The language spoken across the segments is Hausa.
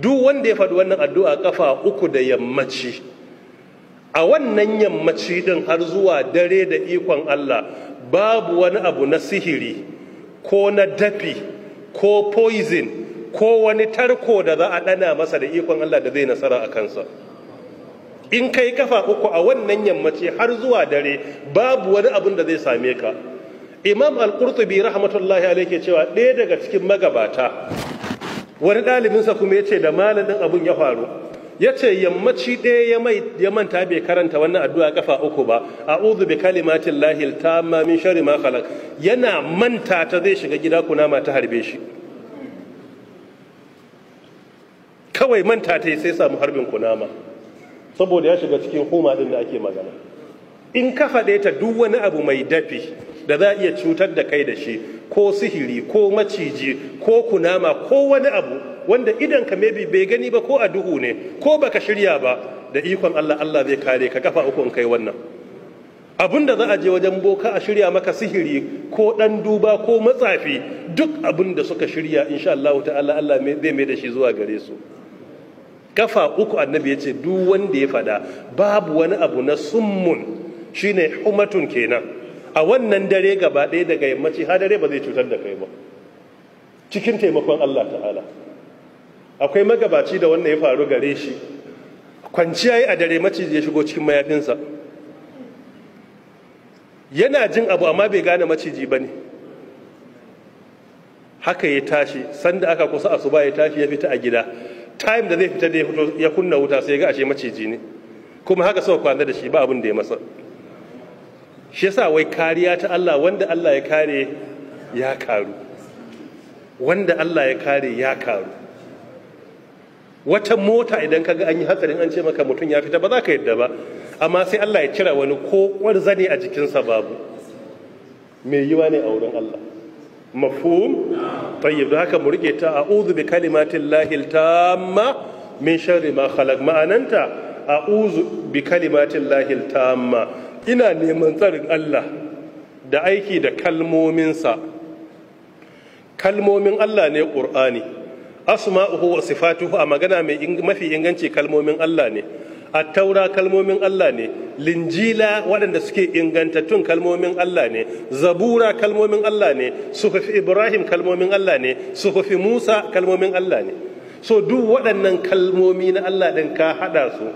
duk wanda ya faɗi wannan addu'a ƙafa uku da yammaci a wannan yammaci ɗin har zuwa dare da ikon Allah babu wani abu na sihiri ko na dafi ko poison ko wani tarko da za a ɗana masa da ikon Allah da zai nasara a kansa in kai kafa uku a wannan yammaci har zuwa dare babu wani abun da zai same ka imam al-qurtubi rahmatullahi yake cewa ɗaya daga cikin magabata wani ɗalibinsa kuma ya ce da malamin abun ya faru ya ce yammaci ɗaya ya manta bai karanta wannan addu'a kafa uku ba a uzu bi kalimatin lahil ta mamin shari ma yana manta ta zai shiga gida kunama ta harbe shi kawai manta ta yi sai samu harbin kunama saboda ya shiga cikin huma ɗin da ake magana in ka faɗe ta duk wani abu mai dafi da za a iya cutar da kai da shi ko sihiri ko maciji ko kunama ko wani abu wanda idan ka maybe bai gani ba ko a duhu ne ko baka shirya ba da ikon Allah Allah zai kare ka kafa uku kai wannan Abun da za a je wajen boka a shirya maka sihiri ko dan duba ko matsafi duk abun da suka shirya insha Allah ta'ala Allah zai mai da shi zuwa gare su kafa uku annabi ya ce duk wanda ya fada babu wani abu na summun shine humatun kenan a wannan dare gaba ɗaya daga yammaci har dare ba zai cutar da kai ba cikin taimakon Allah ta'ala akwai magabaci da wannan ya faru gare shi kwanciya yi a dare maciji ya shigo cikin mayafinsa yana jin abu amma bai gane maciji ba ne haka ya tashi sanda aka kusa asuba ya tashi ya fita a gida time da zai fita da ya kunna wuta sai ga ashe maciji ne kuma haka sau kwana da shi ba abin da ya masa shi yasa wai kariya ta Allah wanda Allah ya kare ya karu wanda Allah ya kare ya karu wata mota idan kaga an yi hatsarin an ce maka mutum ya fita ba za ka yadda ba amma sai Allah ya cira wani ko zane a jikinsa babu mai yiwa ne a wurin Allah mafhum tayyib da haka mu rike ta a'udhu bi kalimatin lahil tamma min sharri ma khalaq ma'ananta a'udhu bi kalimatin lahil tamma ina neman tsarin Allah da aiki da kalmominsa kalmomin Allah ne ƙur'ani asma'uhu wa sifatuhu a magana mai mafi inganci kalmomin Allah ne A taura kalmomin Allah ne linjila waɗanda suke ingantattun kalmomin Allah ne zabura kalmomin Allah ne sufafi ibrahim kalmomin Allah ne sufafi musa kalmomin Allah ne so duk waɗannan kalmomi na Allah ɗin ka haɗa su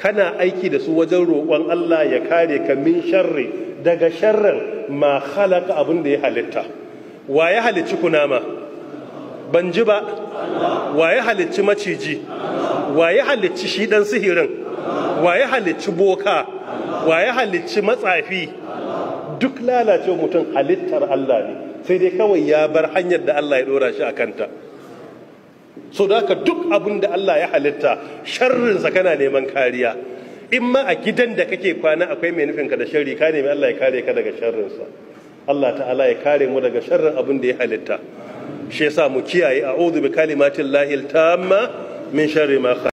kana aiki da su wajen roƙon Allah ya kare ka min sharri daga sharrin ma khalaqa abin da ya halitta wa ya halicci kunama ban ji ba wa ya halicci maciji wa ya halicci shi dan sihirin wa ya halicci boka wa ya halicci matsafi duk lalacewa mutum halittar Allah ne sai dai kawai ya bar hanyar da Allah ya ɗora shi a kanta so da haka duk abin da Allah ya halitta sharrinsa kana neman kariya in ma a gidan da kake kwana akwai mai nufinka da shari, ka nemi Allah ya kare ka daga sharrinsa Allah ta'ala ya kare mu daga sharrin abin da ya halitta shi yasa mu kiyaye a'udhu bi kalimatin lahil tamma min sharri ma